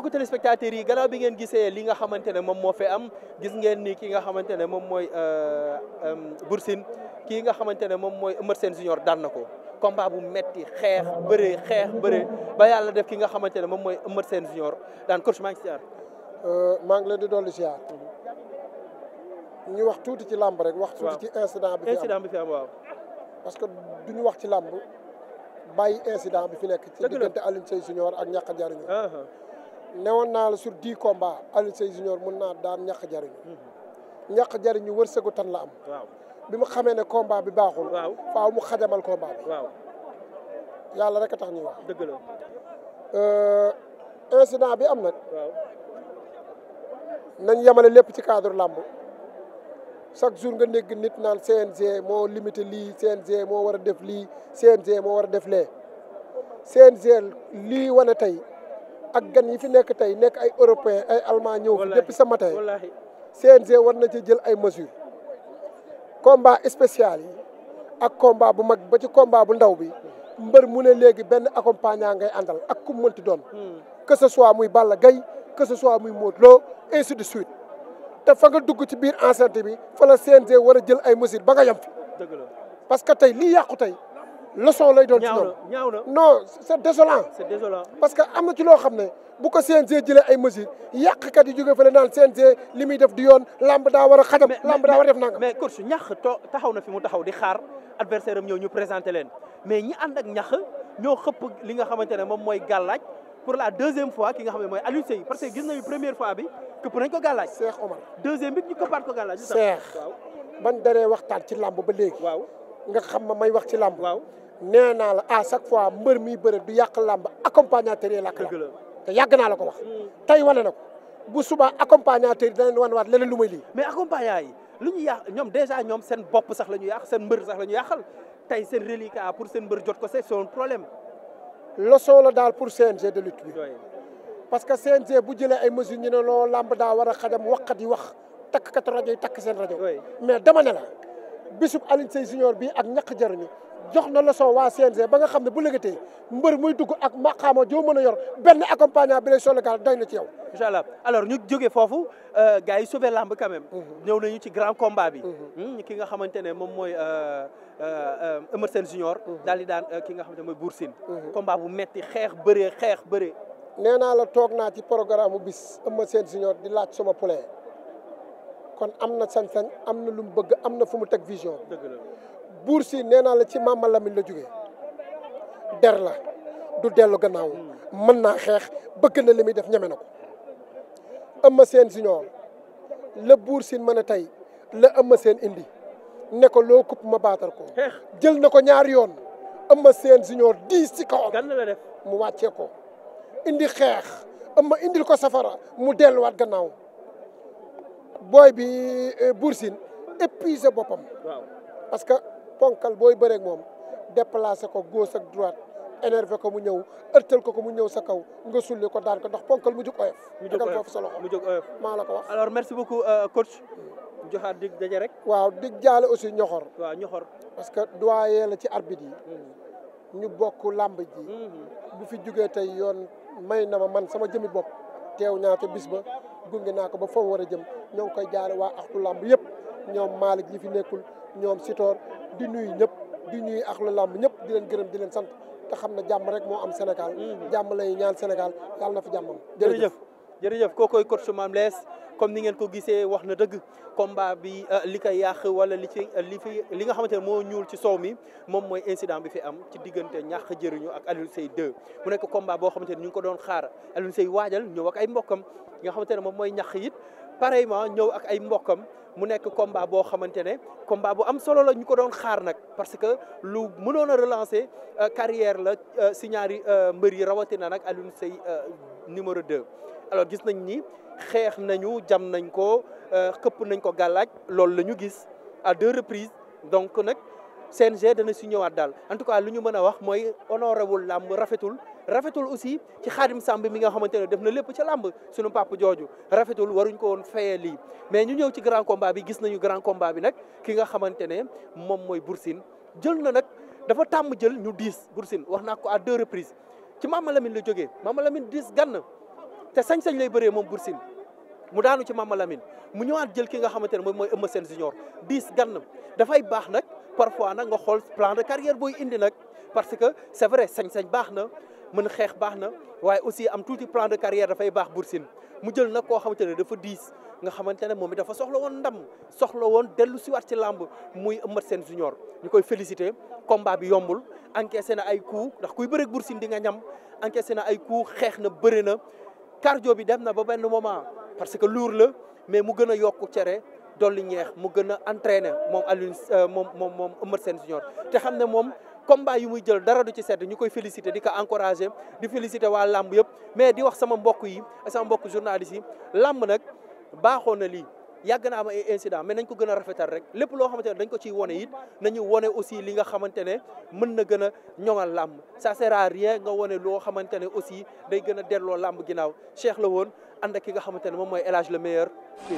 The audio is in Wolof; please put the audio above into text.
mbokku téléspectateurs yi gannaaw bi ngeen gisee li nga xamante ne moom moo fi am gis ngeen ni ki nga xamante ne moom mooy euh, euh, Boursine kii nga xamante ne moom mooy Eumeu Sène Junior daan na ko combat bu metti xeex bëree xeex bëree ba yàlla def ki nga xamante ne moom mooy Eumeu Sène Junior daan coach maa ngi siyaar euh, maa ngi leen di dolli siyaar ñu wax tuuti ci làmb rek wax tuuti ci incident bi fi am waaw parce que du duñu wax ci làmb bàyyi incident bi fi nekk ci diggante Alioune Sèye Junior ak ñàkk jariñu newoon naa la sur dix combats Alioune Seye junior mun naa daan ñàkk jariñ ñu jariñu wërsëgu tan la am bi mu xamee ne combat bi baaxul faaw mu xajamal combat bi yàlla rek a tax ñuy wax euh, bi am nag nañ yemale lépp ci cadre làmb chaque jour nga nekk nit naan CNG moo limité lii CNG moo war a def lii CNG moo war a def lee CNG lii wane tey ak gan yi fi nekk tey nekk ay européen ay allemand ñëw fi depuis ce matin CNG war na ci jël ay mesures combat spécial yi ak combat bu mag ba ci combat bu ndaw bi mbër mu ne léegi benn accompagnant ngay àndal ak ku mënti doon hmm. que ce soit muy Balla Gaye que ce soit muy Modou loo ainsi suite te fa nga dugg ci biir enceinte bi fa la CNG war a jël ay mesures ba nga yem fi parce que tey lii yàqu tey leçon lay doon ci ñoom ñaaw na non c'est désolant c'est parce que am na ci loo xam ne bu ko CNG jëlee ay mesures kat yi jógee fële naan CNG li muy def di yoon lamb daa war a xajam lamb daa war a def nangam mais course ñax taxaw na fi mu taxaw di xaar adversaire am ñëw ñu présenté leen mais ñi ànd ak ñax ñoo xëpp li nga xamante ne moom mooy gàllaaj pour la deuxième fois ki nga xam ne mooy alice Seye parce que gis nañu première fois bi këpp nañ ko gàllaaj Cheikh Omar deuxième bi ñu këppaat ko gàllaaj Cheikh ban daree waxtaan ci lamb ba léegi waaw nga xam ma may wax ci lamb waaw nee naa la à chaque fois mbër mi bëre du yàq làmb accompagnateur yi làkk làmb te yàgg naa la ko wax hmm. tey wane na ko bu suba accompagnateur yi danañ wan waat leneen lu may lii mais accompagnateur yi lu ñu yàq ñoom déjà ñoom seen bopp sax la ñu yàq seen mbër sax la ñu yàqal tey seen reliquat pour seen mbër jot ko c'est son problème leçon la daal pour CNG de lutte bi parce que CNG bu jëlee ay mesures ñu ne loo lamb daa war a xajam waxkat yi wax takk kat rajo yi takk seen rajo mais dama la bisub Alioune Seye junior bii ak ñaq jariñu jox na leçon waa CNG ba nga xam ne bu lëgatee mbër muy dugg ak maqaama joo mën a yor benn accompagnant bi lay sologal doy na ci yow incha allah alors ñu jóge foofu euh, gars yi sauvé lamb quand mhm. ñëw nañu ci grand combat bi mhm. hmm, ki nga xamante ne moom mooy euh, euh, Eumeu Sène junior mhm. daal di daan ki nga xamante mooy Bour Sine combat bu metti xeex bëree xeex bëree nee naa la toog naa ci programme bu bis Eumeu Sène junior di laaj sama poulain kon am na sañsañ am na lu mu bëgg am na fu mu teg vision buur si nee naa la ci Mama Lamine la jóge der la du dellu gannaaw hmm. mën naa xeex bëgg na li muy def ñeme na ko Eumeu Sène junior la buur si ma a tey la Eumeu seen indi ne ko loo kupp ma baatar ko jël na ko ñaari yoon Eumeu seen junior diis ci kaw mu wàccee ko indi xeex Eumeu indil ko safara mu delluwaat gannaaw booy bi eh, Boursine épuisé boppam. waaw parce que ponkal booy bëreeg moom déplacé ko gauche ak droite énervé ko mu ñëw ërtal ko ko mu ñëw sa kaw nga sulli ko daan ko ndax ponkal mu jóg oyof. mu jóg oyof mu jóg maa la ko wax. alors merci beaucoup euh, coach. joxaat dig daje rek. waaw dig jaale aussi ñoxor. waaw parce que doyen la ci arbitre yi. Hmm. ñu bokk làmb ji. Hmm. bu fi jugee tey yoon may na ma man sama jëmi bopp teew ñaata bis ba. gunge naa ko ba foofu war a jëm ñoo ngi koy jaare waa axlu làmb yëpp ñoom Malick ñi fi nekkul ñoom Sitor di nuyu ñëpp di nuyu axlu làmb ñëpp di leen gërëm di leen sant te xam ne jàmm rek moo am Sénégal mm-hmm. jàmm lay ñaan Sénégal yàlla na fi jàmmam jërëjëf jërëjëf kookoy coach Mame Less comme ni ngeen ko gisee wax na dëgg combat bi euh, li koy yàq wala li ci li fi li nga xamante ne moo ñuul ci soow mi moom mooy incident bi fi am ci diggante ñàkk jëriñu ak Alioune Seye 2 mu nekk combat boo xamante ne ñu ngi ko doon xaar Alioune Seye waajal ñëw ak ay mbokkam nga xamante ne moom mooy ñàkk it pareillement ñëw ak ay mbokkam mu nekk combat boo xamante ne combat bu am solo la ñu ko doon xaar nag parce que lu mënoon a relancer euh, carrière la euh, si ñaari mbër yi rawatina nag Alioune sey numéro 2 alors gis nañ ni xeex nañu jam nañ ko xëpp euh, nañ ko gàllaaj loolu la ñu gis à deux reprises donc nag CNG dana si ñëwaat daal en tout cas lu ñu mën a wax mooy honorewul làmb rafetul rafetul aussi ci Xaadim Samb mi nga xamante ne def na lépp ca làmb suñu papa jooju rafetul waruñ ko woon fayee lii mais ñu ñëw ci grand combat bi gis nañu grand combat bi nag ki nga xamante ne moom mooy Boursine jël na nag dafa tàmm jël ñu diis Boursine wax naa ko à deux reprises ci Mama Lamine la jógee Mama Lamine diis gann te sañ-sañ lay bëree moom Bour mu daanu ci Mama Lamine mu ñëwaat jël ki nga xamante ne moom mooy Eumeu seen junior diis gànnam dafay baax nag parfois nag nga xool plan de carrière booy indi nag parce que c'est vrai sañ-sañ baax na mën xeex baax na waaye aussi am tuuti plan de carrière dafay baax Bour Sine mu jël nag koo xamante ne dafa diis nga xamante ne moom it dafa soxla woon ndam soxla woon dellu siwaat ci làmb muy Eumeu seen junior ñu koy félicité combat bi yombul encaissé na ay coups ndax kuy bëreeg Bour Sine nga ñam encaissé na ay coups xeex na bëri na cardio bi dem na ba benn moment parce que lourd la mais mu gën a yokk cere dolli ñeex mu gën a entraîner moom Alioune euh, moom moom moom Eumeu Sène Junior te xam ne moom combat yi muy jël dara du ci sedd ñu koy féliciter di ko encourager di féliciter waa làmb yëpp mais di wax sama mbokk yi sama mbokk journaliste si làmb nag baaxoo na lii yàgg na am ay incident mais nañ ko gën a rafetal rek lépp loo xamante ne dañ ko ciy wone it nañu wone aussi li nga xamante ne mën na gën a ñoŋal làmb ça sert rien nga wone loo xamante ne aussi day gën a delloo làmb ginnaaw Cheikh la woon ànd ak ki nga xamante ne moom mooy El le meilleur fii